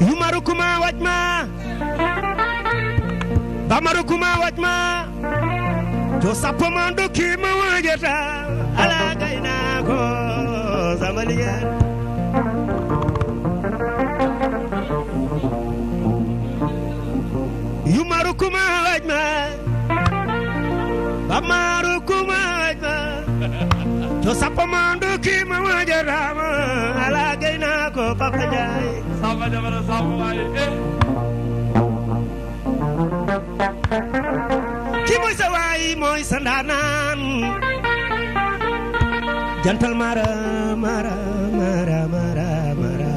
yumarukuma wajma bamarukuma wajma to sappo ma dokki ma wajata ala gaynako samaliya yumarukuma wajma bamaruk to sappo ma ndukkiima ma jotaama alaa gaynaa ko papa jaay samba jabara sappo waay e eh. ki mooy sa waay mooy sa ndaanaan jantal mara mara mara mara mara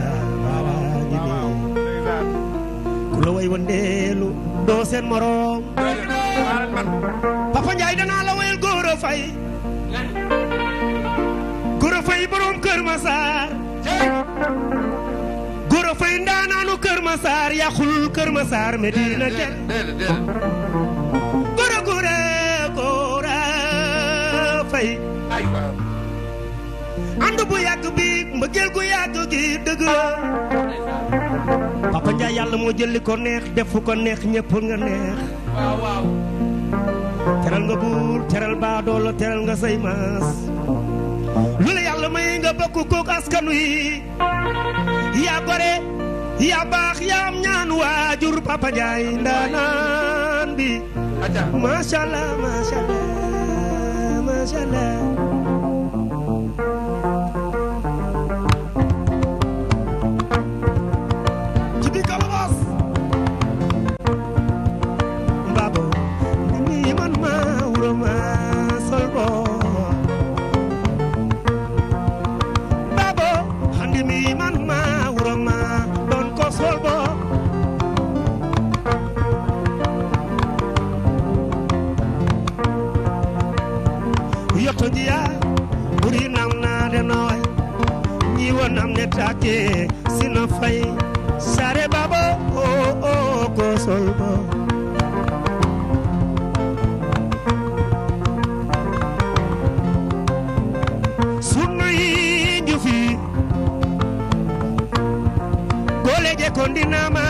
ku la way wondeelu doo seen moroom papa njaay danaa la wayal góoro fay eh. fay borom Kër Massar. Gora Fay ndaanaanu Kër Massar yàqul Kër Massar Medina te. Gora Gora Fay. ànd bu yàgg bi mbëggeel gu yàgg gi dëgg la yàlla moo jël li ko neex def ko neex ñëpp nga neex teral nga buur teral baadoola teral nga say maas lu la yàlla may nga bokk kook askan wi yaa gore yaa baax yaa ñaan waajur Papa Ndiaye ndaanaan bi macha allah macha take sina fay sare babo o o ko soybo sunuyi jufi goleje kondinama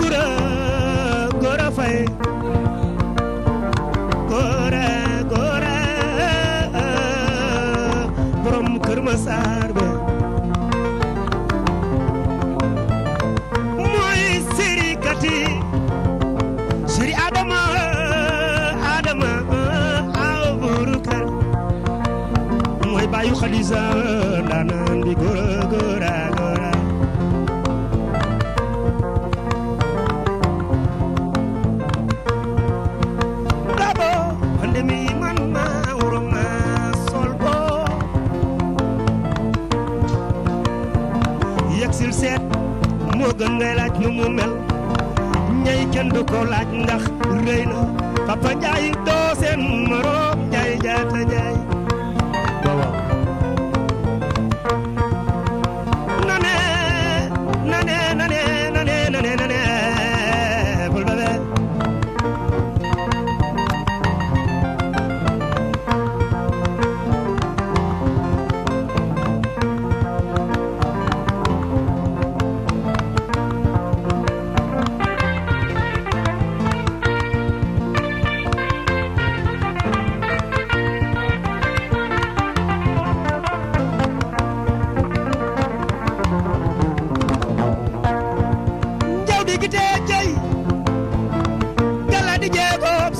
gura gura fay gura gura borom Kër Masar be mooy siri siri Adama Adama aw buru kër mooy baayu Xadija daanaan di gura mu mel ñay laaj ndax rëy na papa Njaay doo seen moroom Njaay jaata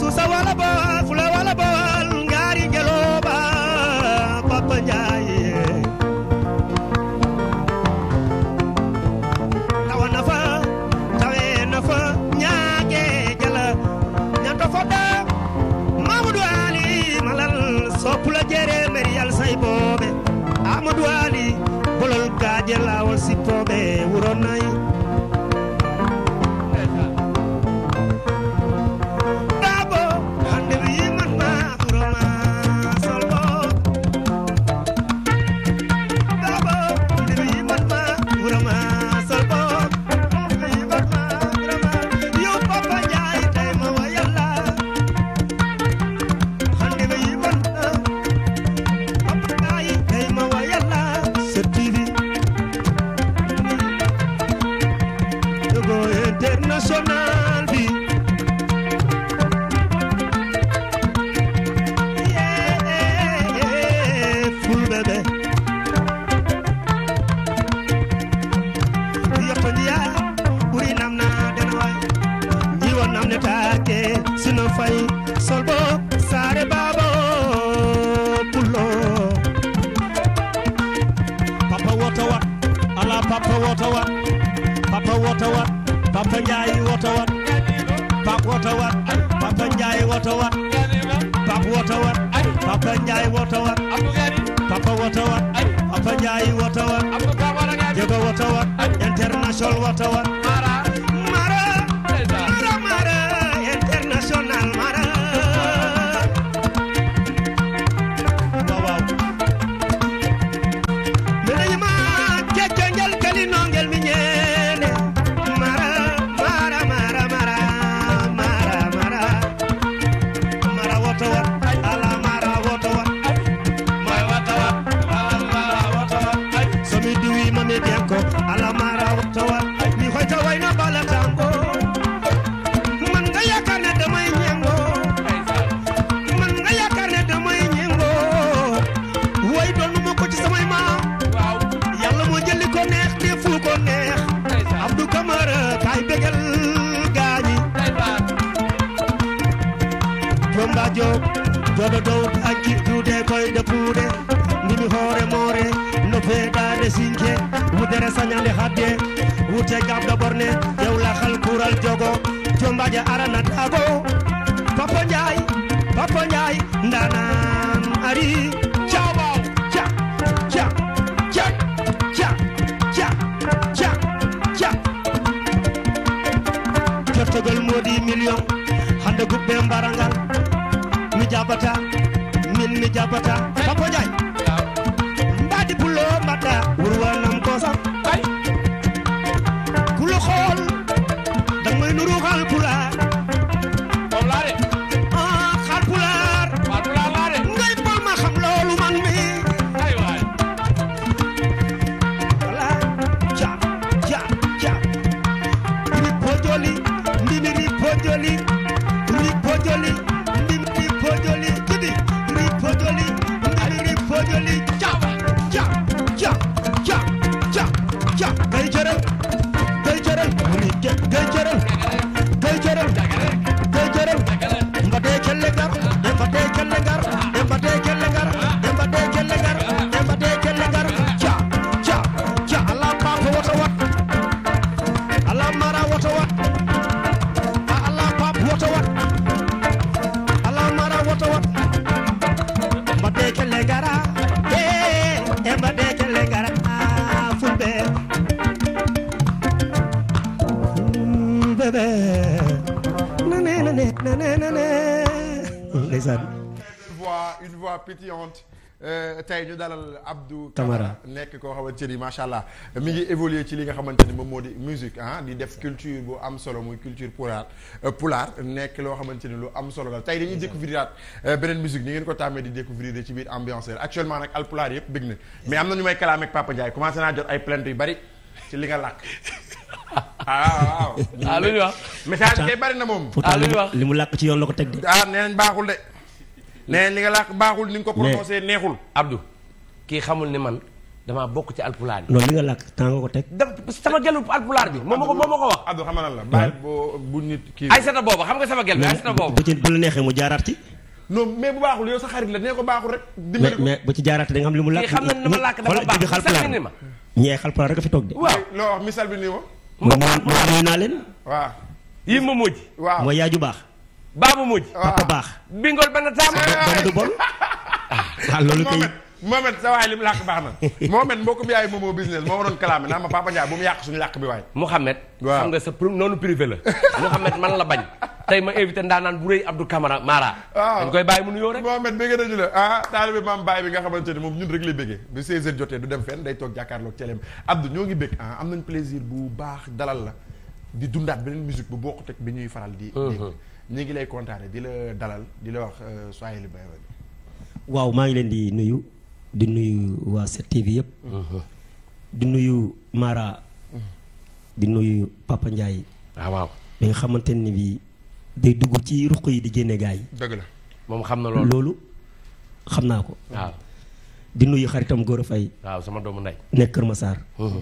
Kusa wala boss woto wat pap woto wat papa njaay woto wat papa woto wat papa njaay woto wat jaba woto wat international woto wat cegam do borne yow la xal kural jogo jombaje arana dago papa njaay papa njaay ndaanaan ari caabaaw ca ca ca ca ca ca ca cottogal moodi million hande gubbe mbarangal mi jabata min mi jabata papa njaay tey ñu dalal Abdou Camara nekk koo xamante ni macha allah mi ngi évoluer ci li nga xamante ni moom moo di musique ah di def culture bu am solo muy culture pulaar euh, pulaar nekk loo xamante ni lu am solo la tey dañuy découvrir euh, beneen musique ni ngeen ko tàmmee di découvrir ci biir ambianceur actuellement nag alpulaar yëpp bëgg na mais am na ñu may kalaam ak Papa Ndiaye commencé naa jot ay plainte yu bari ci li nga làkk ah waaw ah, lu ñu wax message kay bari na moom ah lu ñu wax li mu làkk ci yoon la ko teg de ah nee nañ baaxul de nee nañ li nga làkk baaxul ni nga ko prononcé neexul Abdou kii xamul ne man damaa bokk ci alpulaar bi. non li nga làkk temps nga ko teg. sama gelu alpulaar bi moom ma ko moom ma ko wax. Abdou la bàyyi boo bu nit kii. Aysata booba xam na sama gel bi bu ci bu la neexee mu jaaraat ci. non mais baaxul yow sa xarit la nee ko baaxul rek. dimbali ko mais bu ci jaaraat da nga xam li mu làkk. xam nañ ne ma làkk dafa baax xalpulaar ni ma. ñee xalpulaar rek a fi toog de. waaw loo wax misaal bi nii wa. moom mooy naa leen. waaw yi ma mujj. waaw mooy baax. baabu mujj. waaw papa baax. bingol benn taam. ah loolu kay Mohamed sa waay li mu làkk baax na Mohamed mbokkum yaay moomoo business moo waroon kalaame naa ma Papa Ndiaye bu mu yàq suñu làkk bi waay Mohamed la Mohamed man la bañ tey ma invité ndaanaan bu rëy Abdou Camara Mara bàyyi mu nuyoo rek Mohamed bëgg nañu ah, bi nga xamante ni moom ñun rek jotee du dem fenn day toog jàkkaarloog celeem Abdou ah, bu baax dalal la di dundaat beneen musique bu bokkut ak bi ñuy faral di ñu ngi lay kontaane di la dalal di la wax euh, soyez le bienvenu waaw maa ngi leen di nuyu di nuyu waa 7TV yëpp. Uh-huh. di nuyu Mara. Uh-huh. di nuyu Papa Ndiaye. Ah, waaw waaw nga xamante ni bii day dugg ci ruq yi di génne gaa yi. dëgg la moom xam na loolu. loolu xam naa ko. di nuyu xaritam Gora Faye. waaw sama doomu ndey. nekk Kër Massar. Uh-huh.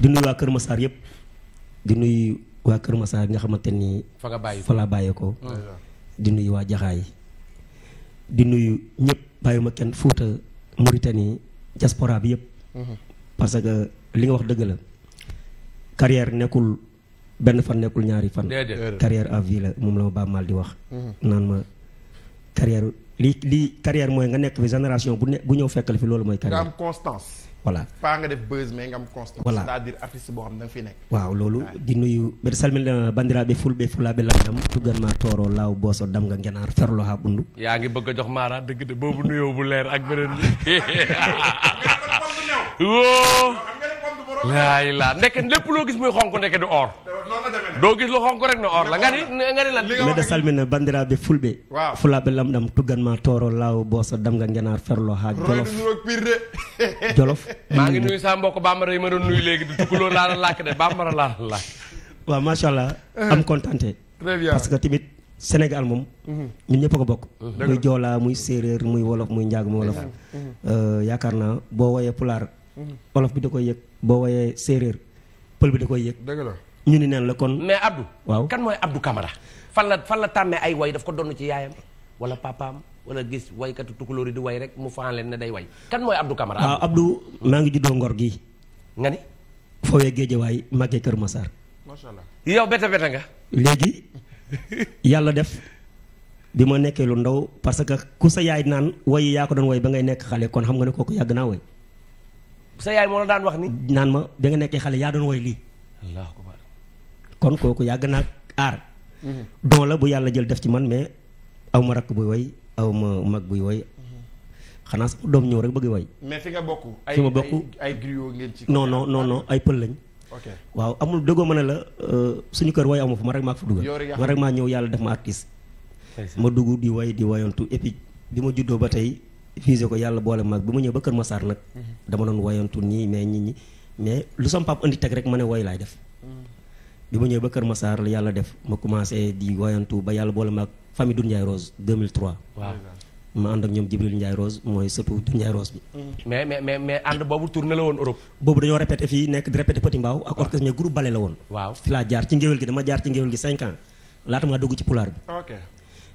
di nuyu waa Kër Massar yëpp. di nuyu waa Kër Massar nga xamante ni. fa nga bàyyi fa laa bàyyee di nuyu waa Jaxaay di nuyu ñëpp bàyyi ma kenn Fuuta. Mauritanie diaspora bi yëpp. Mhm. parce que li nga wax dëgg la carrière nekkul benn fan nekkul ñaari fan. carrière à la moom la ma Baaba Maal di wax. Mhm. naan ma carrière li li carrière mooy nga nekk fi génération bu ne bu ñëw fekkal fi loolu mooy. carrière am constance. voilà faa nga def buzz mais nga am constant voilà c'est-à-dire artiste boo xam ne da nga fi nekk waaw loolu di nuyu mbeɗa salmina euh, bandiraɓe fulɓe fulaɓe lamdam tuganma tooro laaw booso damga ngenaar ferlo ha ɓundu yaa ngi bëgg a jox maara dëgg de boobu nuyoo bu leer ak beneen bi laay laa ndekk lépp loo gis muy xonk ndekk di or doo gis lu xonk rek ne or la nga ni nga ni la mbeɗa salmina bandiraɓe fulɓe fulaɓe lamɗam tugganma toro law boso damga guenar ferlo ha jolof pirde jolof maa ngi nuyu sa mbokk bambara yi ma doon nuyu léegi du tukkuloo laa la làkk de bambara laa la làkk waaw machallah eh. am contenté très bien parce que tamit Sénégal moom mhm. ñun ñëpp ko bokk mhm. muy joolaa muy séeréer muy wolof muy njaagum wolof mhm. euh, yaakaar naa boo woyee pulaar wolof bi da koy yëg boo woyee séeréer pël bi da koy yëg dëgg la ñu ni neen la kon. mais Abdou. waaw kan mooy Abdou Camara. fan la fan la tàmmee ay way daf ko donn ci yaayam wala papaam wala gis waykatu tukulóor yi di way rek mu faan leen ne day way kan mooy Abdou Camara. waaw ah, Abdou maa ngi juddoo Ngor gii. nga ni. foowee Géejawaay màggee Kër Massar. macha allah yow bete bete nga. léegi yàlla def. bi ma nekkee lu ndaw parce que ku sa yaay naan woy yaa ko doon woy ba ngay nekk xale kon xam nga ne kooku yàgg naa woy. sa yaay moo la daan wax ni. naan ma ba nga nekkee xale yaa doon woy lii. kon kooku yàgg naa aar. don la bu yàlla jël def ci man mais aw ma rakk buy woy aw ma mag buy woy xanaa sama doom ñëw rek bëgg woy fi bokk ay ma bokk ay griot ngeen ci non non non ay pël lañ. waaw amul dëggoo ma ne la euh, suñu kër woy amu fa ma rek ma ko fa dugal. ma rek maa ñëw yàlla daf ma artiste. ma dugg di woy di woyantu et bi ma juddoo ba tey visé ko yàlla boole mag bi ma ñëw ba Kër ma saar nag. Mhm. dama doon woyantu nii mais nit ñi mais lu sama papa indi teg rek ma ne woy laay def. Mhm. bi ma ñëwee ba Kër Massar la yàlla def ma commencé di wayantu ba yàlla boole ma ak famille Doudou Ndiaye Rose 2003. waaw ma ànd ak ñoom Jibril Ndiaye Rose mooy surtout Doudou Ndiaye Rose bi. mais mais mais mais ànd boobu tourné la woon Europe. boobu dañoo répété fii nekk di répété Petit Mbao ak orchestre mais groupe ballet la woon. waaw fi laa jaar ci ngéwél gi dama jaar ci ngéwél gi 5 ans laata maa dugg ci pulaar bi. ok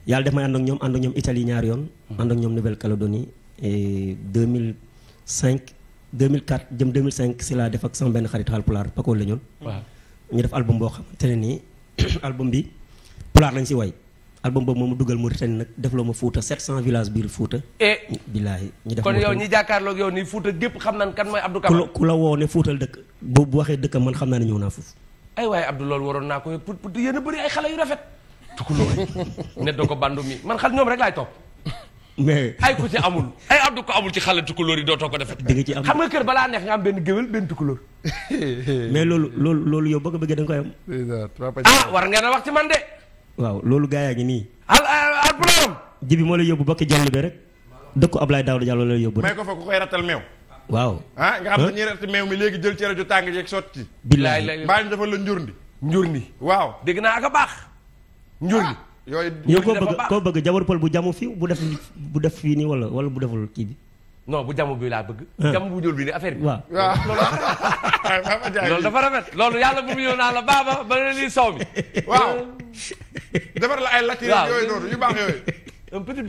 yàlla def may ànd ak ñoom ànd ak ñoom Italie ñaari yoon. Hmm. ànd ak ñoom Nouvelle Calédonie et 2005 2004 jëm 2005 si laa def ak sama benn xarit xaal pulaar Paco la ñoon waaw ñu def album boo xamante te nii album bi pulaar lañ si way album boobu moomu dugal Mauritanie nag def loo ma Fouta 700 villages biir Fouta. et eh, billaahi ñu def kon yow ñi jàkkaarloog yow nii Fouta gépp xam na kan mooy Abdou Camara. ku la ku la woo ne Foutal dëkk bu bu waxee dëkkam man xam naa ne ñëw naa foofu. ay waaye Abdou loolu waroon naa ko pour pour yéen a bëri ay xale yu rafet. tukuloo ne doo ko bandu mi man xal ñoom rek laay topp. mais ay ku ci amul ay abdu ko amul ci xale tukulóor yi dootoo ko defe di nga ci am xam nga kër balaa neex nga am benn géwél benn tukulóor mais loolu loolu loolu yow bëgg bëggee da nga koy am ah war ngeen a wax ci man de waaw loolu gaa yaa ngi nii al al problème jibi moo lay yóbbu bokki jàll bi rek dëkku Ablaye Daouda Diallo lay yóbbu may ko fa ko koy rattal meew waaw ah nga xam ne ñuy ratt meew mi léegi jël cere ju tàng jeeg sotti billaay mbaa ñu dafa la njurndi njurndi waaw dégg naa a baax njurndi yooyu yow koo bëgg koo bëgg jabar pël bu jamu fii bu def bu def fii nii wala wala bu deful kii bi. non bu jamu bi laa bëgg. Ah. jamu bu ñuul bi ni affaire bi. waaw loolu dafa rafet loolu yàlla bu mu ñëw naa la baaba ba ne lii saw mi. waaw defar la ay latir yooyu noonu yu baax yooyu. un petit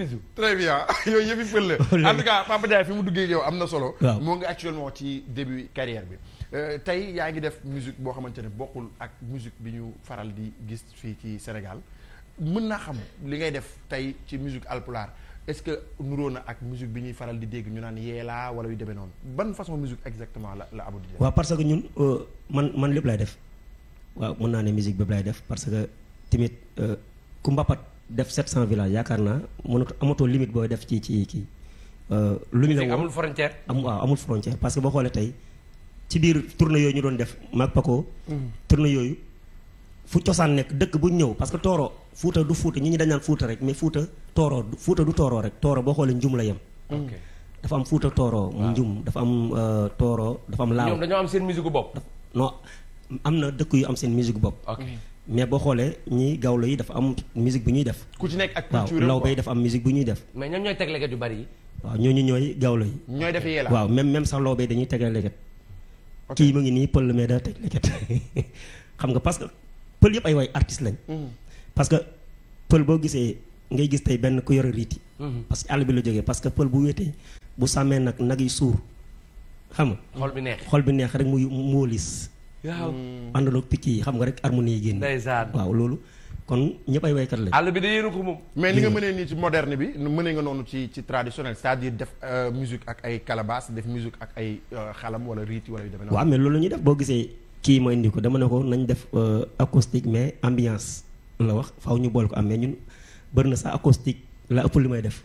fi mu duggee am na solo. moo ngi actuellement ci début carrière bi. Euh, tey yaa ngi def musique boo xamante ne bokkul ak musique bi ñu faral di gis fii ci Sénégal. mën naa xam li ngay def tey ci musique alpulaar est-ce que nuroo na ak musique bi ñuy faral di dégg ñu naan yeelaa wala yu demee noonu ban façon musique exactement la la Abou di waaw parce que ñun euh, man man lépp lay def waaw mën naa ne musique bépp lay def parce que tamit euh, ku mbapat def 700 village yaakaar naa mënut amatoo limite booy def ci ci kii. Euh, lu ñu la amul frontière. am waaw amul frontière parce que boo xoolee tey ci biir tournée yooyu ñu doon def maag Paco. Mm. tournée yooyu fu cosaan nekk dëkk bu ñëw parce que tooro fuuta du fuuta ñi ñi dañ naan fuuta rek mais fuuta tooro fuuta du tooro rek tooro boo xoolee njum la yem. dafa am fuuta tooro. mu njum dafa am euh, tooro dafa am. laaw ñoom dañoo am seen musique bopp. non am na dëkk yu am seen musique bopp. mais boo xoolee ñi gawlo yi dafa am musique bu ñuy def. ku ci nekk ak culture la lawbe yi dafa am musique bu ñuy def. mais ñoom ñooy teg leget yu bari yi. waaw ñooñu ñooy gawlo yi. ñooy def yéela waaw même même sax lawbe dañuy teg leget. kii mu ngi nii pël mais daa teg leget xam nga parce que pël yëpp ay way artiste lañ. Mm-hmm. parce que pël boo gisee ngay gis tey benn ku yore riiti. Mm-hmm. parce que àll bi la jógee parce que pël bu wéetee bu sàmmee nag nag yi suur xam nga. xol bi neex xol bi neex rek mu moolis. waaw mm-hmm. àndandoo picc yi xam nga rek harmonie yi génn. waaw loolu. kon ñëpp ay waykat lañ. àll bi da yéenu ko moom. mais li nga mënee nii ci moderne bi noonu ci ci traditionnel c'est-à-dire euh, ak ay calabas def musique ak ay euh, xalam wala riiti wala yu loolu la ñuy def boo gisee. kii ma indi ko dama ne ko nañ def euh, acoustique mais ambiance la wax faw ñu bool ko am mais ñun bëri na sa acoustique la ëpp lu may def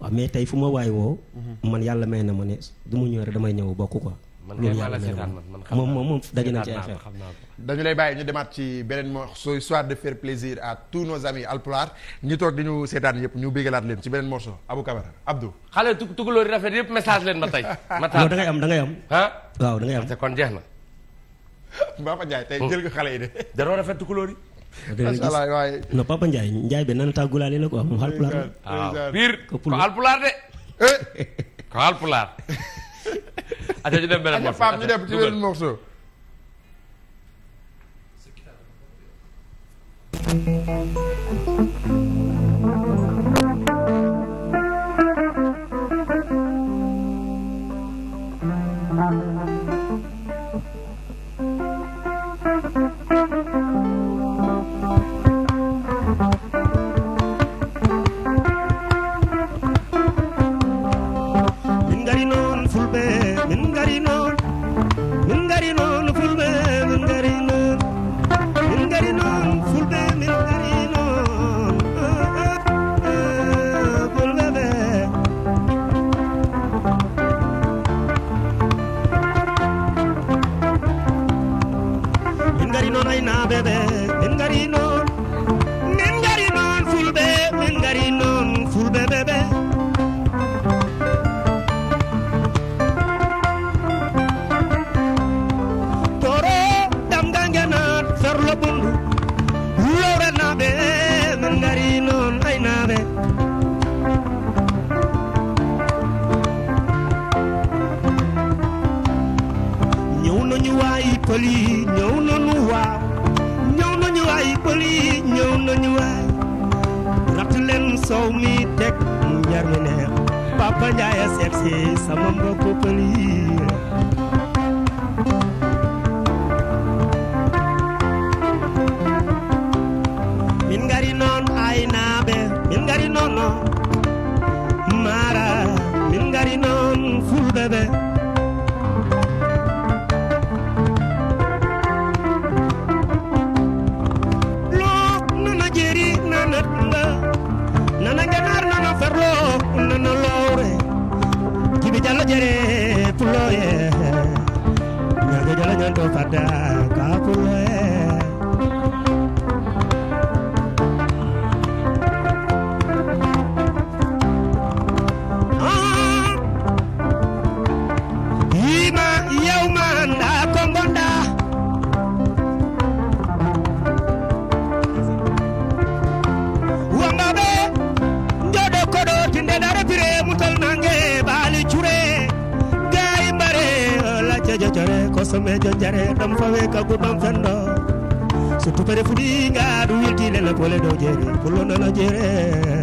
waaw mais tey fu woo. Mhm. man yàlla may ma ne du ma bokk quoi. loolu yàlla may na moom moom moom daje nañ ci ay xeer dañu lay bàyyi ñu demaat ci beneen morceau histoire de faire plaisir à tous nos amis alpulaar ñi toog di ñu seetaan yëpp ñu bégalaat leen ci beneen morceau Abou Camara Abdou. xale rafet yëpp message leen ma tey. ma taal da ngay am da ngay am. ah waaw da ngay am. kon jeex na. Papa Ndiaye tey jël nga xale yi de. daroo rafet couleur yi. macha allah waaye non Papa Ndiaye Ndiaye bi nan tàggulaale la quoi moom alpulaar la. waaw biir ah, ko alpulaar de. Eh. ko alpulaar. attaque ñu dem ci beneen morceau. leen soow mi teg mu mi neex Papa Ndiaye seet si sama mbokku pël yi min ngari noon ay naaɓe min ngari noon no maara min ngari noon fulɓe ɓe jere puloye ñaga jala mejo jare ɗam fawe kaggu ɓam fenɗo so tupere fuɗi ngaɗu weltile lappole dow jeere pullo nono jeere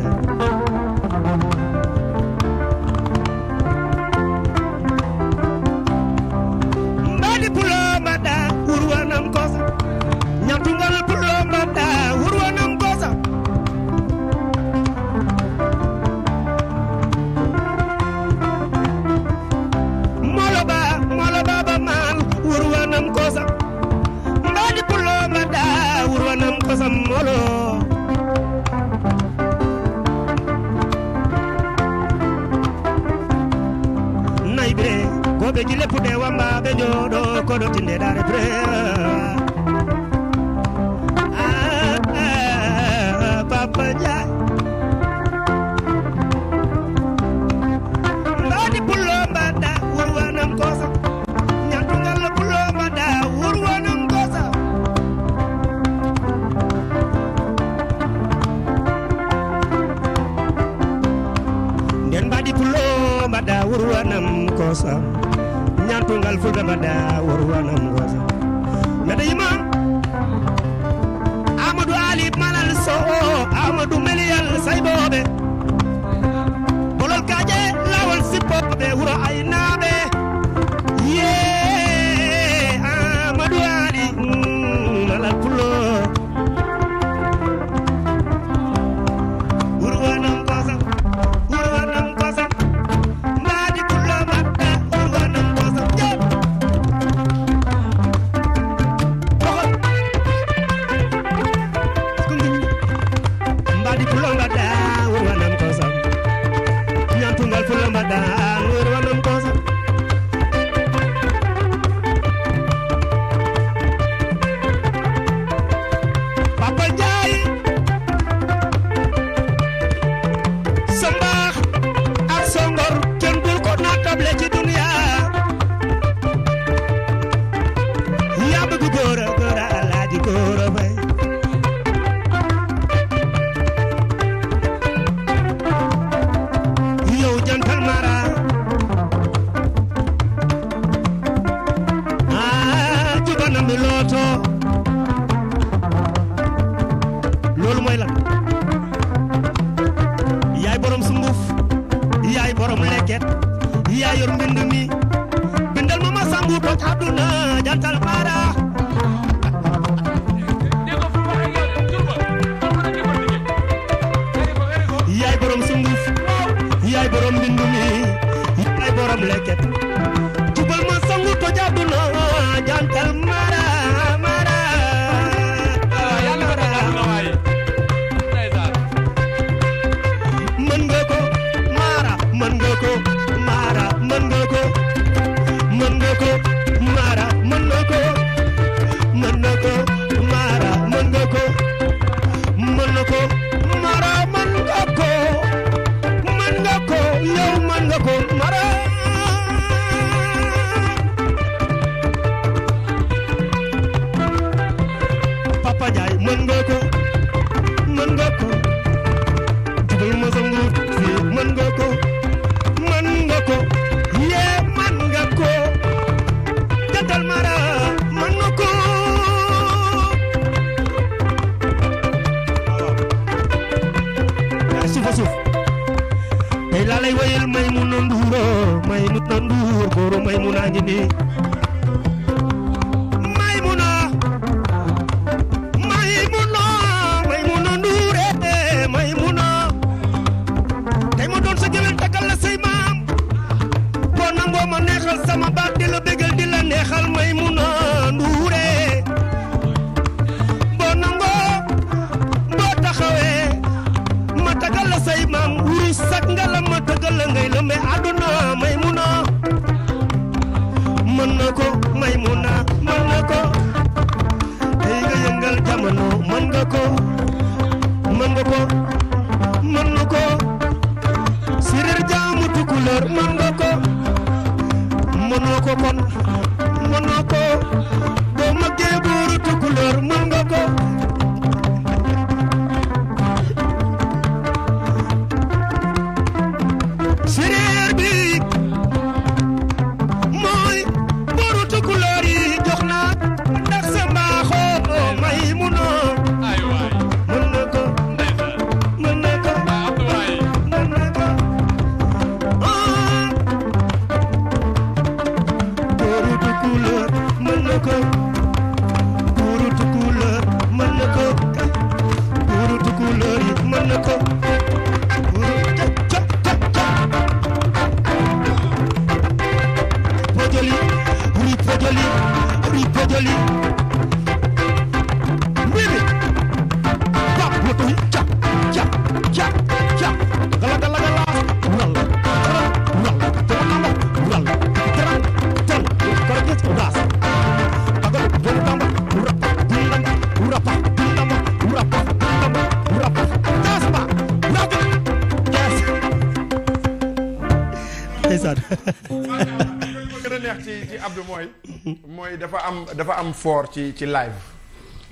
fort ci ci live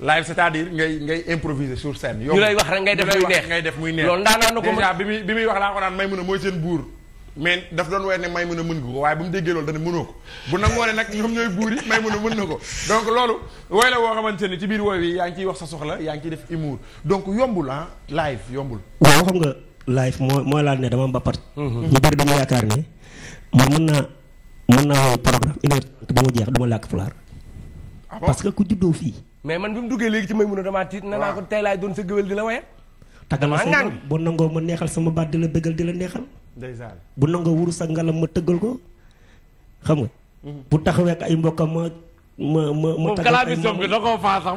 live cest à ngay ngay improviser sur scène. yow ñu lay wax rek ngay def muy neex def muy neex. na ko déjà bi muy mooy seen buur. mais daf doon woy ne may mën a a ko donc loolu woy woo xamante ni ci biir woy yaa ngi ciy wax sa soxla yaa ngi ciy def humour donc yombul ah live yombul. waaw xam nga live moo mooy laal ne dama mbappat. Mhm. ñu bëri dañu yaakaar ne man mën naa mën naa woy programme une ba mu jeex du làkk pulaar Ah parce que ku juddoo fii. mais man bi mu duggee léegi ci may mun a damaa tiit. na ko tey doon sa géwél di la waye taggal ma sa bu nangoo ma neexal sama baat di la bëggal di la neexal. ndeysaan bu nangoo wuru sa ngalam ma tëggal ko xam nga. Mhm. bu taxawee ak ay mbokkam ma ma ma ma. taggal ay moom bi da koo faa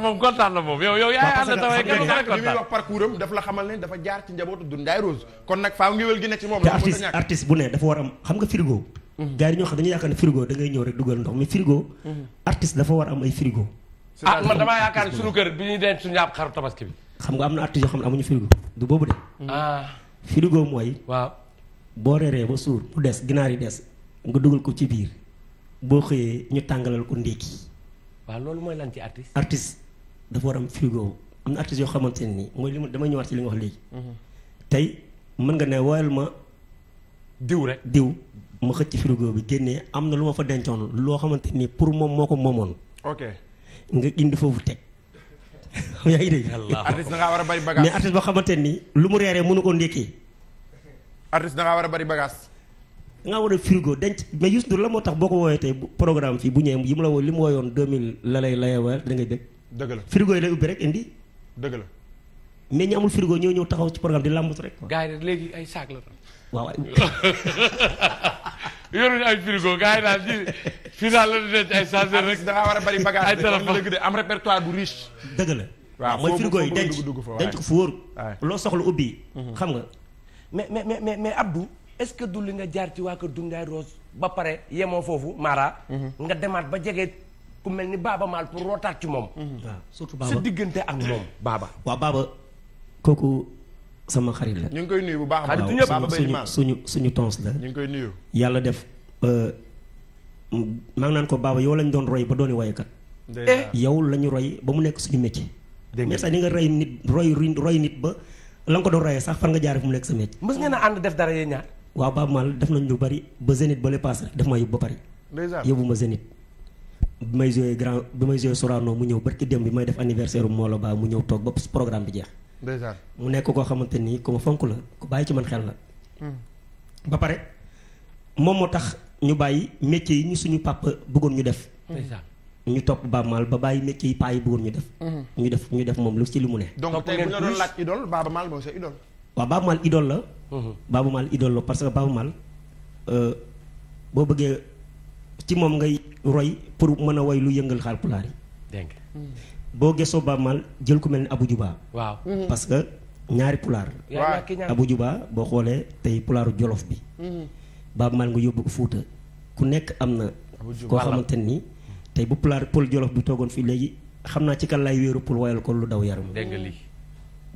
daf la xamal ne dafa jaar ci njabootu Doudou Ndiaye Rose kon nag faaw ngéwél gi ne ci moom. la artiste artiste bu ne dafa war am xam nga frigo. Mm-hmm. gars yi ñoo yaakaar ne frigo da ngay ñëw rek dugal ndox mais frigo. Mm-hmm. artiste dafa war am ay frigo. ah man damaa am na artiste yoo de. Mm-hmm. ah yi des nga dugal ko ci biir boo xëyee ñu tàngalal ko ndékki. waaw loolu mooy lan ci artiste. artiste dafa war am frigo am na artiste yoo xamante ne nii mooy li ma damay ñëwaat ci li nga wax léegi. tey mën nga ne woyal ma. diw rek ma xëcc frigo bi génnee am na lu ma fa dencoon loo xamante ni pour moom moo ko moomoon. ok nga indi foofu teg. yaa ngi dégg. artiste da ngaa war a bari bagage mais artiste boo xamante nii lu mu reeree mënu ko ndékkee. artiste da ngaa war a bari bagage. da war a frigo denc mais Youssou Ndour la moo tax boo ko woowee tey programme fii bu ñëwee yi mu la woo li mu wooyoon 2000 la lay layawal da ngay dégg. dëgg la frigo yi lay ubbi rek indi. dëgg la. mais ñu ñoo ñëw taxaw ci programme di làmbut rek. ay saak la. waaw. yoruñu ay frigo gars yi daal di final la dina ci ay chargeur ah, rek. da ngaa war a bari bagage ay téléphone am répertoire bu riche. dëgg la. mooy frigo yi denc denc ko fu wóor. loo soxla ubbi. Mhm. xam nga mais mais mais mais Abdou. est-ce que du li nga jaar ci waa kër Dundaay Rose ba pare yemoo foofu Mara. Mhm. nga demaat ba jege ku mel ni Baaba Maal pour rootaat ci moom. Mhm. waaw surtout Baaba diggante ak moom Baaba. waaw Baaba kooku. sama xarit la. koy nuyu bu baax a baax suñu suñu suñu tons la. ñu koy nuyu. yàlla def euh, maa naan ko baaba yow lañ doon roy ba dooni waykat. Eh. yow la ñu roy ba mu nekk suñu métier. mais sax ni nga roy nit roy roy nit ba la nga ko doon royee sax fan nga jaaree fu mu nekk sa métier. mës ngeen a ànd def dara yéen ñaar. waaw Baaba Maal def nañ lu bari ba Zénith ba le paase rek def ma yóbbu ba pare. yóbbu ma Zénith. bi may joué grand bi may joué Sorano mu ñëw barki dem bi may def anniversaire Mawla Ba mu ñëw toog ba programme bi jeex. ndeysaan mu nekk koo xamante ni ku ma fonk la ku bàyyi ci man xel la. Hmm. ba pare moom moo tax ñu bàyyi métier yi ni suñu papa bëggoon ñu def. Hmm. ñu topp Baaba Maal ba bàyyi métier yi paa yi bëggoon ñu def. Hmm. ñu def ñu def moom lu ci li mu ne. donc tey bu ñu doon laaj sa idole. waaw Baaba Maal idole la. Baaba Maal idole la parce que Baaba Maal euh, boo bëggee ci moom ngay roy pour mën a woy lu yëngal xaal pulaar yi. boo gesoo Baaba Maal jël ku mel ni Abu Juba. waaw mm-hmm. parce que ñaari pulaar. Abu Juba boo xoolee tey pulaaru jolof bi. Mm-hmm. Baaba Maal nga yóbbu ko Fuuta ku nekk am na. koo xamante ni tey bu pulaar pël jolof bi toogoon fii léegi xam naa ci kan laay wéeru pour wayal ko lu daw yaram. dégg nga lii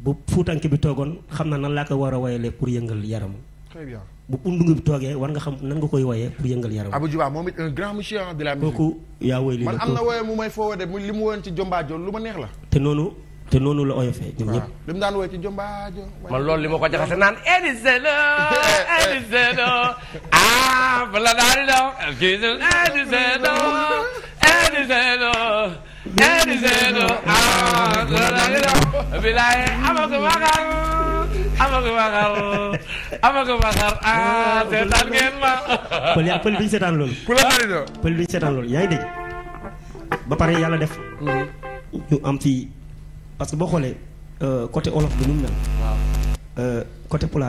bu fuutanke bi toogoon xam naa nan laa ko war a wayalee pour yëngal yaram. très bu undungu bi toogee war nga xam nan nga koy woyee pour yëngal yaram. Abou Djouba moom it un grand monsieur de la musique. kooku yaa woy lii la man may foo de li mu woyoon ci Jombaajo lu ma neex la. te noonu te noonu la oyofee. ñoom ñëpp li mu daan woy ci Jombaajo. man loolu li ma ko jaxase naan. Ediselo Ediselo ah bala daal di amagu ma xar amagu ma xar ah, ah seetaan ngeen ma. pël yaa pël bi ñu seetaan loolu. yaa ngi dégg. ba pare yàlla def. Mm-hmm. ñu am fii parce que boo xoolee euh, côté olof bi nu mu mel. waaw euh, côté bi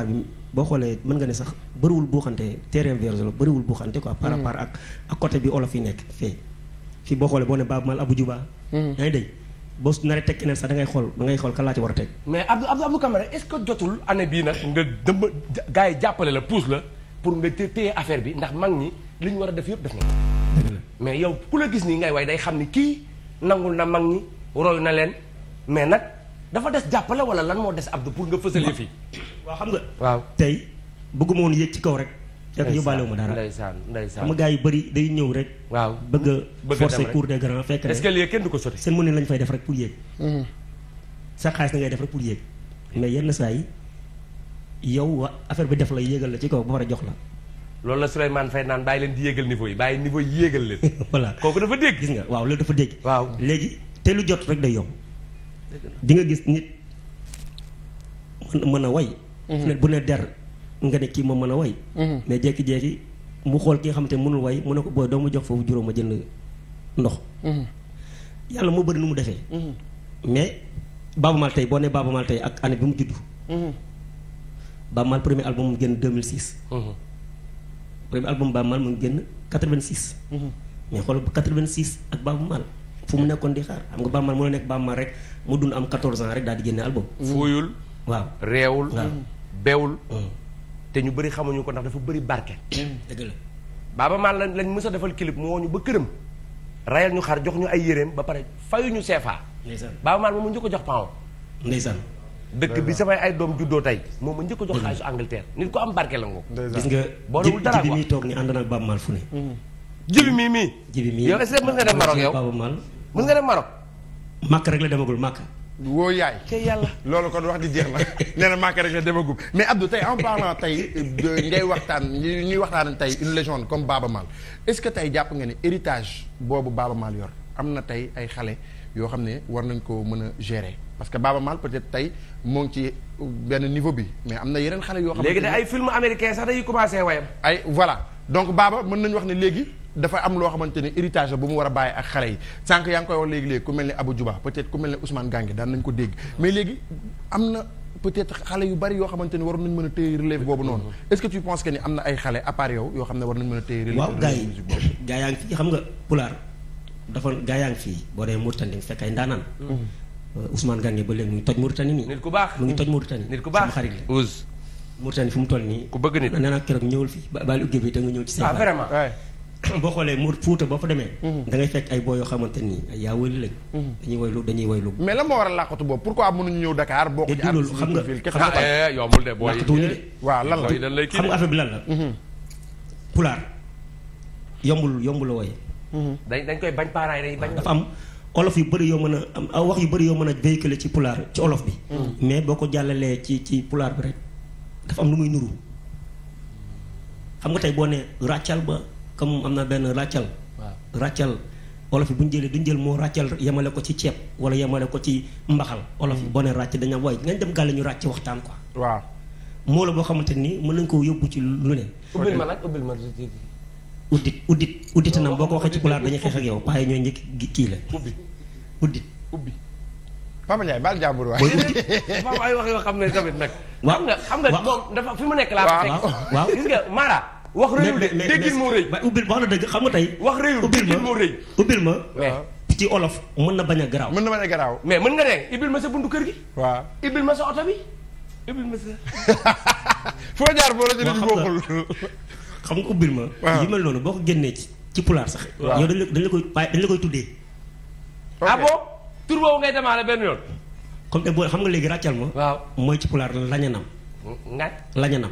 boo xoolee mën nga ne sax bëriwul buuxante terrain vers la bëriwul buuxante quoi. par mm-hmm. rapport ak ak côté bi olof yi nekk fee. fii boo xoolee boo ne Baaba Maal Abou Juba. Mm-hmm. yaa ngi dégg. boo su naree teg keneen sax da ngay xool da xool kan laa ci war a teg. mais Abdou Abdou Abdou Camara est-ce que jotul année bii nag nga dëmb gars yi jàppale la pousse la pour nga téye affaire bi ndax mag ñi li ñu war a def yëpp def nañu mais yow ku la gis nii ngay way day xam ni kii nangul na mag ñi roy na leen mais nag dafa des jàppale wala lan moo des Abdou pour nga fësal yëf yi. waaw xam nga. waaw tey bëgguma woon yéeg ci kaw rek. fekk yóbbaale ma dara ndeysaan ndeysaan sama gars yu bëri day ñëw rek waaw bëgg a forcer cours des grands fekk est-ce que lii kenn du ko sote seen mëneen lañ fay def rek pour yéeg mhm. sa xaalis na ngay def rek pour yéeg mais yenn saa yi yow affaire bi def la yéegal la ci kaw ba war a jox la loolu la Souleymane fay naan bàyyi leen di yéegal niveau yi bàyyi niveau yi yéegal leen voilà kooku dafa dégg gis nga waaw loolu dafa dégg waaw léegi te lu jot rek day yomb di nga gis nit mën a way mhm. bu ne der nga ne kii ma mën a way mhm. mais jékki-jékki mu xool ki nga xamante mënul way mu ne ko booy doo ma jox foofu juróom ma jënd ndox mhm. yàlla moo bëri nu mu defee mhm. mais Baaba Maal tey boo nee Baaba Maal tey ak année bi mu juddu Baaba Maal premier album mu génn 2006 premier album Baaba di xaar xam nga Baaba Maal mën na nekk Baaba Maal rek mu dund am 14 ans rek daal di génne album fuuyul waaw reewul beewul te ñu bëri xamuñu ko ndax dafa bëri barke. Hmm, dëgg la Baaba Maal lañ lañ mës a defal clip mu ñu ba këram. rayal ñu xar jox ñu ay yéreem ba pare fayuñu CFA. ndeysaan Baaba Maal moom mu njëkk a jox paaw. ndeysaan dëkk bi samay ay doom juddoo tey moom mu njëkk a jox hmm. xaalisu Angleterre nit ku am barke la nga ko. gis nga boolewul dara quoi jibi mi toog ni ànd naag Baaba Maal fu ne. Hmm. jibi mi mii. jibi mi yow est-ce que mën nga dem Maroc yow Baaba Maal nga dem Maroc. Màkk rek la demagul Màkk. woo yaay. te yàlla loolu kon wax di jeex na nee na manqué rek nga demagum mais Abdou tey en parlant tey ngay waxtaan ñuy waxtaan tey une légende comme Baaba Maal est-ce que tey jàpp nga ne héritage boobu Baaba Maal yor am na tey ay xale yoo xam ne war nañ koo mën a gérer parce que Baaba Maal peut-être tey moo ngi ci benn niveau bi mais am na yeneen xale yoo. xam ne léegi ay film américain sax dañuy commencé wayam ay voilà donc Baaba mën nañu wax ne léegi. dafa am loo xamante ne héritage la bu mu war a bàyyi ak xale yi sànq yaa ngi koy wax léegi-léegi ku mel ne Abou Djouba peut-être ku mel ne Ousmane Gangi daan nañ ko dégg mais léegi am na peut-être xale yu bari yoo xamante ne waroon nañ mën a téye relève boobu noonu mm-hmm. est-ce que tu penses que ni am na ay xale à yow yoo xam ne war nañ mën a téye relève waaw gaa yi gaa yaa ngi fii xam nga pulaar dafa gaa yaa ngi fii boo dee Mauritanie fekk ay ndaanaan mm-hmm. euh, Ousmane Gangi ba léegi mu ngi toj Mauritanie nii nit ku baax mu ngi toj Mauritanie nit ku baax xarit la toll nii ku bëgg nit nee naa fii baali ugge bi da boo xoolee mu Fuuta boo fa demee. Mhm. da ngay fekk ay boo yoo xamante ni ay yaa wëli lañ. Mhm. dañuy woylu dañuy woylu. mais lan moo war a làqatu boobu pourquoi mënuñu ñëw Dakar. bokk ci àll xam nga xam de xam nga affaire bi lan la. Mhm. pulaar yombul la wooyee. dañ dañ koy bañ parents yi dañ bañ. dafa am olof yu bëri yoo mën a am ah, wax yu bëri yoo mën a véhiculer ci pulaar ci olof bi. mais boo ko jàllalee ci ci pulaar bi rek dafa am lu muy nuru xam nga tey boo ne ràccal ba comme am na benn ràccal ràccal olof yi bu ñu du duñ jël moo ràccal yemale ko ci ceeb wala yemale ko ci mbaxal olof yi hmm. boo nee ràcc dañu am waaye ngañ dem gàlle ñu ràcc waxtaan quoi waaw moo la boo xamante nii mën nañ ko yóbbu ci lu ne ubbil ma nag ma uddit uddit uddit nam boo ko waxee ci pulaar dañuy xeex ak yow paaye ñooy njëkk kii la ubbi uddit ubbi Papa Ndiaye baal jàmbur waay. ay wax yoo xam ne tamit nag. waaw xam nga xam nga moom dafa fi mu nekk laa. waaw wax rëyul de déggin moo rëy. ubbil wax na dëgg xam nga tey. wax rëyul déggin moo rëy ubbil ma ubbil ma. ci olof mën na bañ a garaaw. mën na bañ a garaaw. mais mën nga ne ubbil ma sa buntu kër gi. waaw ubbil ma sa oto bi ubbil ma sa. foo jaar foo la jëlee ñu bokkul. xam nga ubbil ma. yi mel noonu boo ko génnee ci ci pulaar sax. waaw yow dañ la dañ la koy dañ la koy tuddee. ok ah bon tur boobu ngay demaale benn yoon. comme boo xam nga léegi ràccal ma. waaw mooy ci pulaar lañanam. nga lañanam.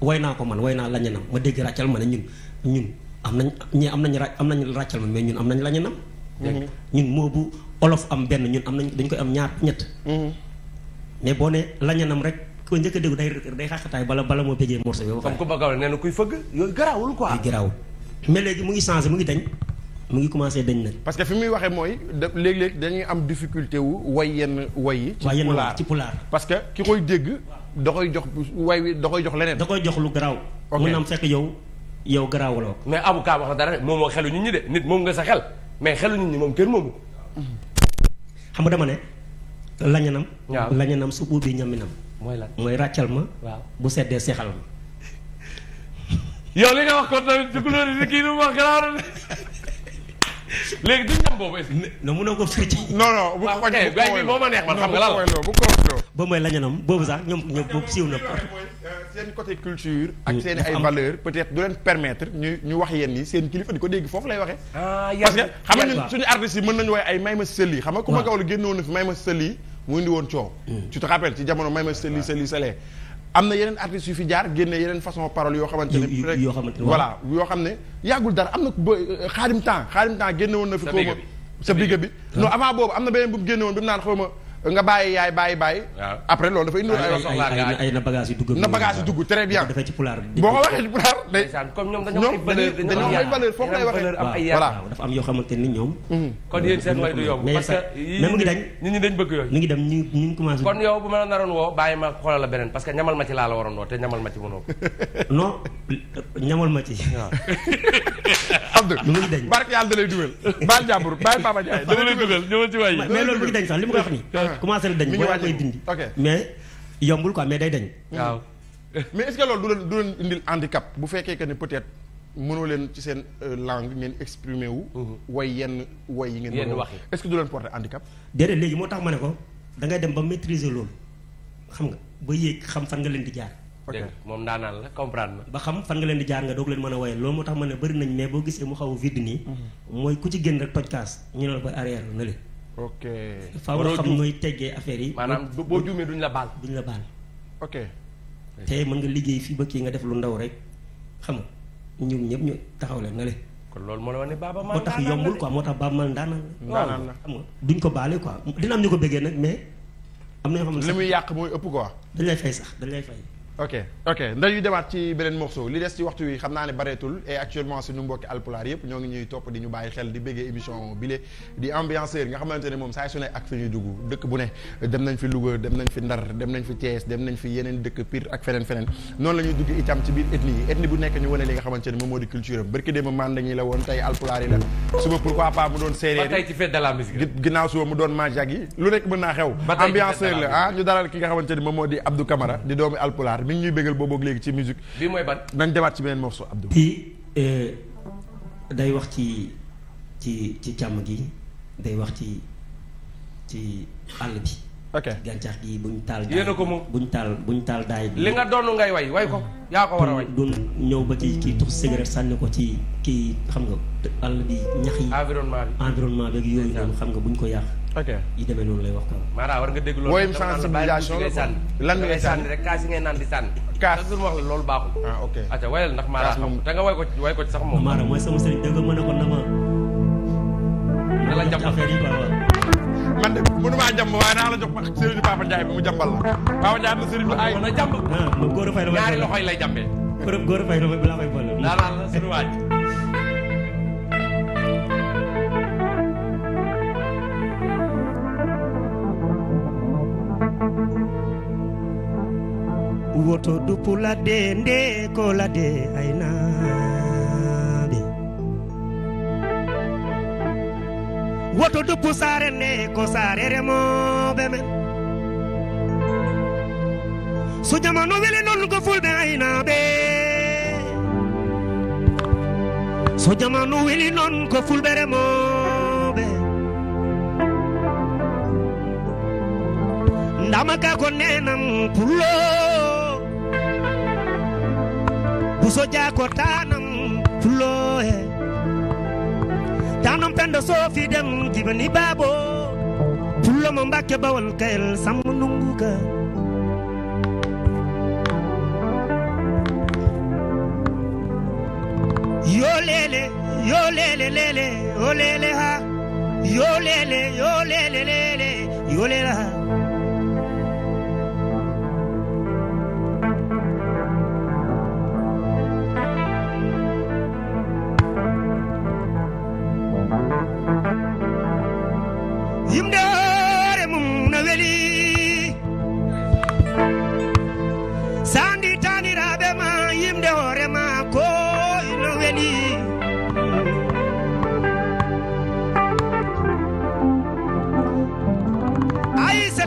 way naa ko man way naa lañanam ma dégg ràccal ma ne ñun ñun am nañ ñi am nañ am nañ ràccal ma mais ñun am nañ lañanam mhm. ñun moo bu olof am benn ñun am nañ dañ koy am ñaar ñett mhm. mais boo ne lañanam rek ko njëkk a dégg day day xaxataay bala bala moo bégee morceau bi ba pare. comme ku bëgg nee na kuy fëgg yooyu garaawul ko yooyu garaawul mais léegi mu ngi changé mu ngi dañ mu ngi commencé dañ nag. parce que fi muy waxee mooy da léeg-léeg dañuy am difficulté wu way yenn way yi. ci pulaar ci pulaar parce que ki koy da koy jox way wi da koy jox leneen. da koy jox lu garaaw. ok mun na am fekk yow yow garaawuloo. mais avocat wax dara rek moom moo xelu nit ñi de nit moom nga sa xel mais xelu nit ñi moom kenn moomu ko. xam nga dama ne. lañanam. waaw lañanam su ubbi ñaminam. mooy lan mooy ràccal ma. waaw bu seddee seexal ma. yow li nga wax ko tamit ci kii nu mu wax garaaw léegi duñ dem boobu est-ce que. non munoo ko firi ci. xam nga la bu ba mooy lañanam boobu sax ñoom ñoom boobu siiw euh, culture. Mm. ak seen ay valeur peut-être du leen permettre ñu ñu wax yenn yi seen kilifa di ko dégg foofu lay waxee. ah parce que xam nga ñun suñu artistes yi mën nañu woy ay may ma sëli xam nga ku ma gaaw la génnoon na fi may ma sëli mu indi woon coow. Mm. tu ci jamono may ma sëli sëli sëlee am na yeneen artistes yu fi jaar génne yeneen façon parole yoo xamante ne rek voilà yoo xam ne yàggul dara am na ba xaarim temps xaarim temps génne woon na fi xaw ma sa bigga bi non avant boobu am na beneen bu mu génne woon bi mu naan xaw ma nga bàyyi yaay bàyyi bàyyi. après loolu dafa indi ay ay ay na bagage yu dugg na bagage yu dugg très bien. boo ko waxee ci pulaar day. comme ñoom dañoo am ay valeur dañoo am ay valeur foofu lay waxee voilà. dafa am yoo xamante ni ñoom. Mm-hmm. kon yéen seen mbay du yomb. parce que yii nit ñi dañ bëgg yooyu. ñu ngi dem ñu ngi commencé. kon yow bu ma la naroon woo bàyyi ma xoolal la beneen parce que ñamal ma ci laa la waroon woo te ñamal ma ci mënoo ko. non ñamal ma ci. waaw. Abdou lu muy dañ barke yàlla da lay dugal. baal jàmbur bàyyi Papa Ndiaye da lay dugal ñëwal ci waay yi mais loolu mu ngi dañ sax li mu ko wax nii commencé na dañ. mi ngi koy dindi mais yombul quoi mais day dañ. Mm. waaw mais est loolu du leen indil handicap bu fekkee que ne peut-être mënoo leen ci seen euh, langue ngeen exprimer wu. Mm-hmm. way yenn way yi ngeen. yenn wax yi est-ce que du leen porter handicap. déedéet léegi moo tax ma ne ko da ngay dem ba maîtriser loolu xam nga ba yéeg xam fan nga leen di jaar. dégg moom daanaan la comprendre ba xam fan nga leen di jaar nga doog leen mën a woyal loolu moo tax ma ne bëri nañ mais boo gisee mu xaw a vide nii. Mm-hmm. mooy ku ok faaw nga xam nooy teggee affaire yi. maanaam boo juumee duñu la baal. duñu la baal. ok. te mën nga liggéey fii ba kii nga def lu ndaw rek xam nga ñoom ñëpp ñu taxaw leen na le. kon loolu moo la wane ne Baaba Maal moo tax yombul ko moo tax Baaba Maal ndaanaan la. xam nga duñ ko baale quoi dina am ko bëggee nag mais. am na yoo xam muy yàq mooy ëpp quoi. dañ lay fay sax dañ lay fay. ok ok dañuy demaat ci beneen morceau li des ci waxtu wi xam naa ne bareetul et actuellement suñu mbokki alpulaar yëpp ñoo ngi ñuy topp di ñu bàyyi xel di béggee émission bile di ambianceur nga xamante moom saa yi ethnie nekk moom moo di culture barki démb maan dañuy la woon tey alpulaar la suba pourquoi pas mu doon séeréer ba ginnaaw suba mu doon maajag yi lu nekk mën naa xew ambianceur la ah, ñu dalal ki nga xamante moo di Abdou Camara di doomi alpulaar mi ngi ñuy bégal booboog léegi ci musique bi mooy ban nañ demaat ci beneen morceau Abdou. bi eh, day wax ci ci ci càmm gi day wax ci ci àll bi. ok gàncax gi buñ taal. daay yéen ko moom buñ taal buñ taal daay bi. li nga doonu ngay way way ko yaa ko doon ñëw ba ci kii tux cigarette sànni ko ci kii xam nga àll bi ñax yi. environnement bi environnement beeg yooyu noonu xam nga buñ ko yàq. ok yi demee noonu lay wax quoi. maanaam war nga dégg loolu. wóoyum sensibilisation la quoi lan ngay sànni rek naan di sànni. kaas sax wax la loolu baaxul. ah ok acca wayal ndax maanaam xam te nga way ko way ko ci sax moom. na la jàpp affaire yi man de mënu maa jàmb waaye naa la jox ma sëriñu Papa Ndiaye bi mu jàmbal la. Papa Ndiaye am na sëriñ bu a a fay la ñaari loxo yi lay jàmbee. góor a fay la woto duppulade nde kolade aynaɓe woto duppu saare nde ko saare remoɓe men so jamano weli nonnugo fulɓe aynaɓe so jamanu weli noon ko fulɓe remoɓe ndamaka ko nenam pullo puso jaako tanam fulo he tanam penda sofi dem jibani babo fulo mo mbake bawal kayel nungu ka yo lele o lele ha yo lele ha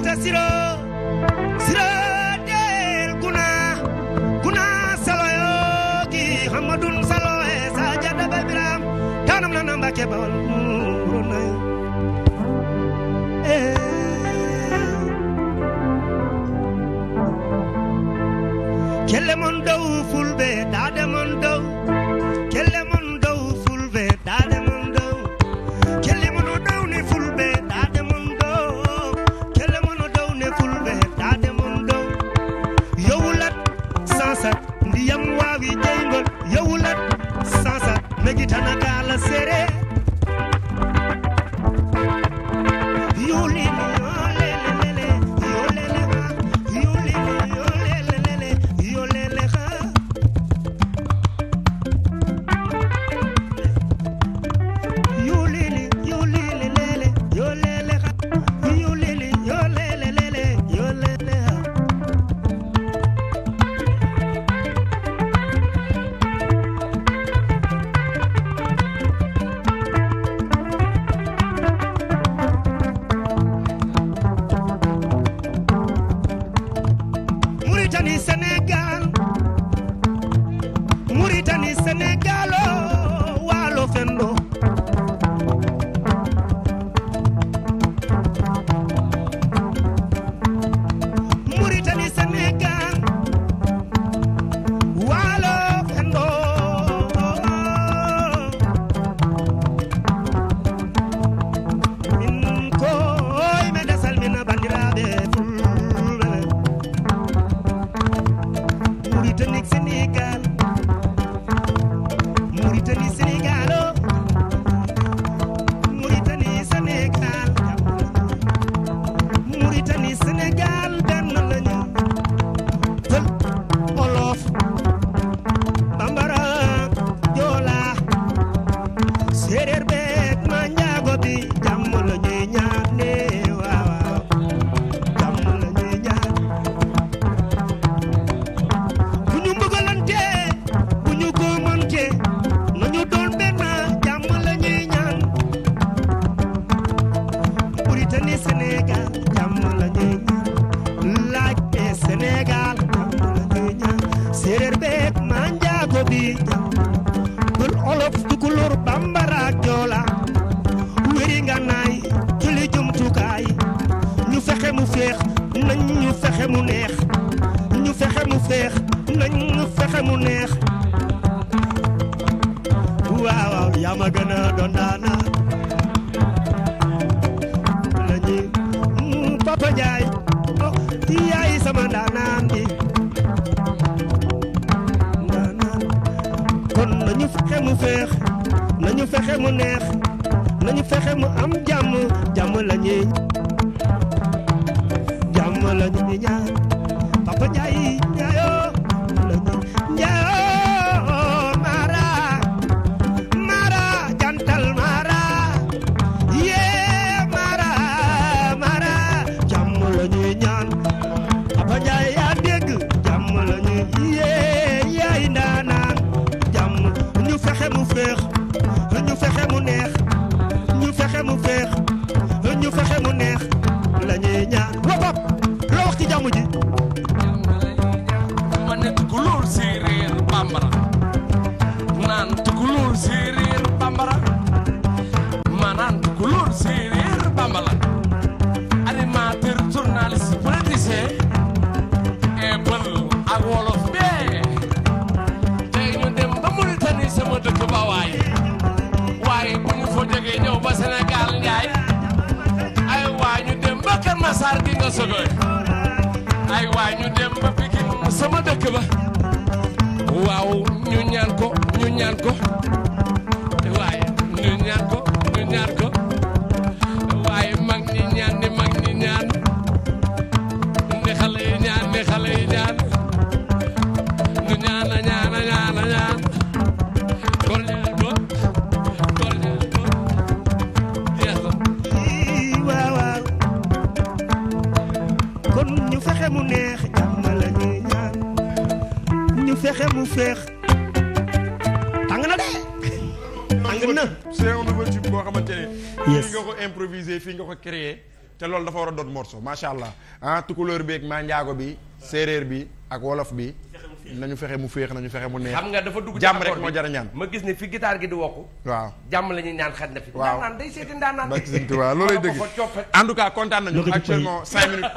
mata siro siro del guna guna saloyo ki hamadun salo e sajada babiram tanam nanam bake bawal muruna eh kelle mon daw fulbe dade mon daw majitana dala sere féex nañu fexe mu neex nañu fexe mu am jàmm jàmm la ñuy jàmm la ñuy ñaan Papa Ndiaye ñaayoo ma ne tukulóor séeréer bambara naan tukulóor séeréer bambara ma naan tukulóor séeréer bambara animateur journaliste politicien et bël ak wolof bee tey ñu dem ba Mauritanie sama dëkk ba waaye waaye bu ñu fa jógee ba Sénégal njaay ay waa ñu dem ba Kër Massar gi nga waa waay dem ba Pikine sama dëkk ba waaw ñu ñaan ko ñu ñaan ko nga ko créer te loolu dafa war a doon morceau macha allah ah tukulóor bi ak manjaago bi séeréer bi ak wolof bi nañu fexe mu féex nañu fexe mu neex. xam nga dafa dugg jàmm rek moo jar a ñaan. ma gis ne fi gitaar gi di wokku. waaw jàmm la ñuy ñaan xaj na fi. waaw naan day seeti ndaanaan. bàyyi si waaw loolay dëgg en tout cas kontaan nañu actuellement cinq minutes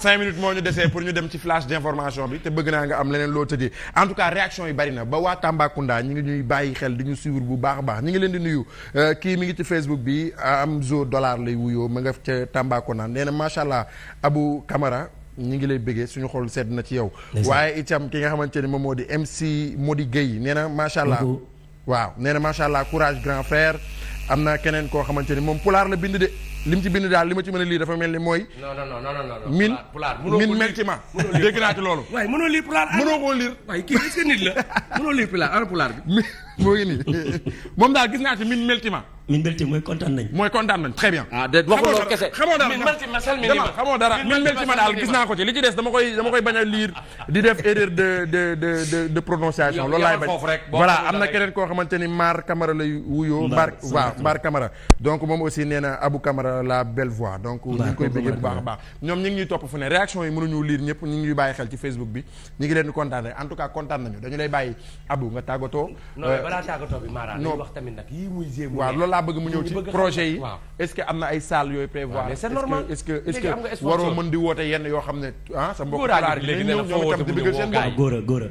cinq minutes moo ñu desee pour ñu dem ci flash d'information bi te bëgg naa nga am leneen loo tëjee en tout cas réaction yi bari na ba waa Tambacounda ñi ngi ñuy bàyyi xel di ñu suivre bu baax a baax ñi ngi leen di nuyu euh, kii mi ngi ci Facebook bi am zo dollar lay wuyoo ma nga ca Tambacounda nee na macha allah Abou Camara ñu ngi lay bëggee suñu xol sedd na ci yow. waaye itam ki nga xamante ni moom moo di MC Modi Guèye nee na macha allah. waaw nee na macha allah courage grand frère. am na keneen koo xamante ni moom pulaar la bind de mu ci bind daal li ma ci mën a lii dafa mel ni mooy. non non non non min min mel ci ma dégg naa ci loolu. waaye mënoo lii pulaar mënoo koo lire. waaye kii est-ce que nit la mënoo lii pulaar ana pulaar bi. moo ngi nii moom daal gis naa ci min meltima. min mooy kontaan nañ mooy kontaan nañ très bien. ah déet waxuloo kese xamoo dara xamoo dara min daal gis naa ko ci li ci des dama koy dama koy bañ a liir di def erreur de de de de prononciation. loolu laay bañ voilà am na keneen koo xamante ni Mar Camara lay wuyoo. Mar waaw Mar Camara. moom aussi nee na Abou Camara la belle voix donc. baax a baax. ñoom ñu ngi ñuy topp fu ne réaction yi mënuñu lire ñëpp ñu ngi ñuy bàyyi xel ci leen di kontaan en tout kontaan nañu dañu lay bàyyi Abou nga tàggatoo balaa tàggatoo bi Mara non wax tamit nag yii loolu laa bëgg mu ñëw ci projet yi est-ce que am na ay salles yooyu prévoir mais c'est que waroo mën di woote yenn yoo xam ne ah sa mbokk pulaar yi léegi ñëw a góor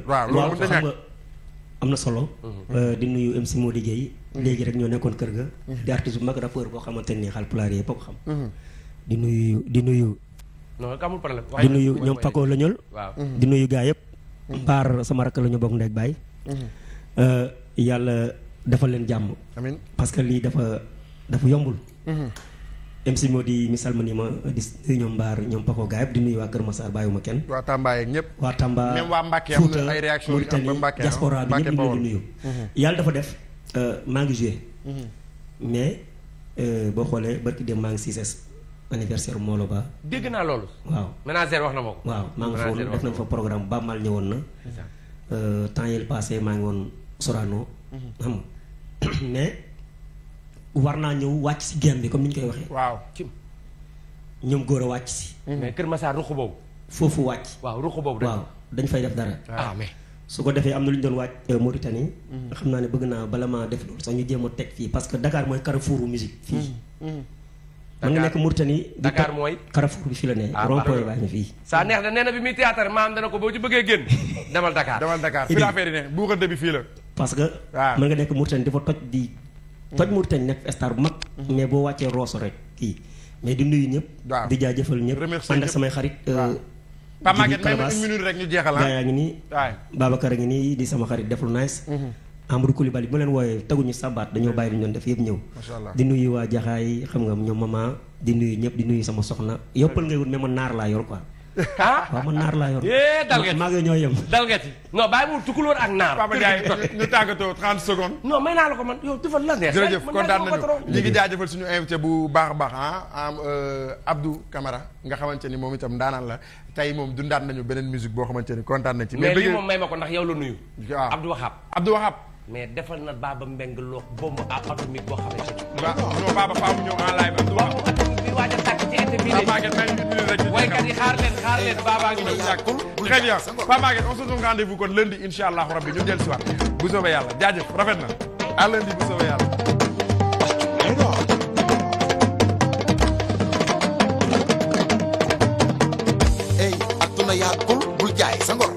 am na solo mhm. euh, di nuyu MC Mody mhm. léegi rek ñoo nekkoon kër ga mhm. di artiste bu mag rappeur boo xamante ni xal pulaar yi ko xam di nuyu di nuyu non amul problème di nuyu ñoom Paco la ñol di nuyu gaa yëpp par sama rakk la ñu bokk ndeg baay euh, yàlla defal leen jàmm. amiin parce que lii dafa dafa yombul. MC mhm. moo di misaal ma ni ma di ñoom Mbaar ñoom Pako Gaayab di nuyu waa Kër Masar bàyyiwuma kenn. waa Tamba yeeg Tamba waa Mbacke am na ay ba Mbacke diaspora bi mhm. yàlla dafa def euh, maa ngi joué. Mhm. mais euh, boo xoolee barki dem maa ngi CICES anniversaire Mawlo Ba. dégg naa loolu. waaw ménagère wax na ma ko. waaw maa ngi foofu def nañ fa programme Ba ñëwoon na. Euh, temps yële passé maa ngi woon. Sorano. Mhm. xam mais war naa ñëw wàcc si genn bi comme ni ñu koy waxee. waaw ñoom góor a wàcc si. Mhm. mais Kër Masar ruq boobu. foofu wàcc. waaw ruq boobu waaw dañ fay def dara. ah mais su ko defee am na lu ñu doon wàcc euh, Mauritanie. Mhm. xam naa ne bëgg naa bala maa def loolu sax ñu jéem a teg fii parce que Dakar mooy carrefouru musique fii. Dakar mu ngi nekk Mauritanie. Dakar mooy Carrefour bi fi la ne. ah rond-point fii. saa neex na nee bi muy théâtre maam dana ko boo ci bëggee génn. demal Dakar demal Dakar. fii parce que. waaw ah. mën nga nekk Mauritanie dafa toj di. toj mm. Mauritanie nekk star bu mag. Mm-hmm. mais boo wàccee Rosso rek kii mais di nuyu ñëpp. waaw di jaajëfal ñëpp. remercié ñëpp samay xarit. Euh, Pape Maguette jeexal ah ngi nii. waay Babacar nii di sama xarit def lu nice. Mm-hmm. Amadou Koulibaly bu leen wooyee taguñu sabaat dañoo mm-hmm. bàyyi lu ñu doon def yëpp ñëw. di nuyu waa Jaxaay xam nga ñoom mama di nuyu ñëpp di nuyu sama soxna yoppal ngay wut mais man naar laa yor quoi. ah waaw man naar laa yor. Eh, dal maa ngi ñoo yem. dal ngeen non bàyyi mu tukulóor ak ñu tàggatoo 30 secondes. non may naa la ko man yow defal la neex. kontaan nañu ñu ngi jaajëfal suñu invité bu baax a baax ah euh, Abdou kamara nga xamante ni moom itam ndaanaan la tey moom dundaat nañu beneen musique boo xamante ni kontaan nañ ci. mais lii moom may ma ko ndax yow la nuyu. waaw Abdou Wahab Abdou Wahab. mais defal na Baba Mbengue loo bomb atomique boo xamante ni. waaw non Baba Faamu waaj a tàkk ci interview waykat yi xaar leen xaar leen Baba ngi ñëw yàggul très bien Pape Maguette on se donne rendez-vous kon lundi incha allah rabbi ñu del si waat bu soobee yàlla jaajëf rafet na à lundi bu soobee yàlla yaa cool bul jaay sa ngor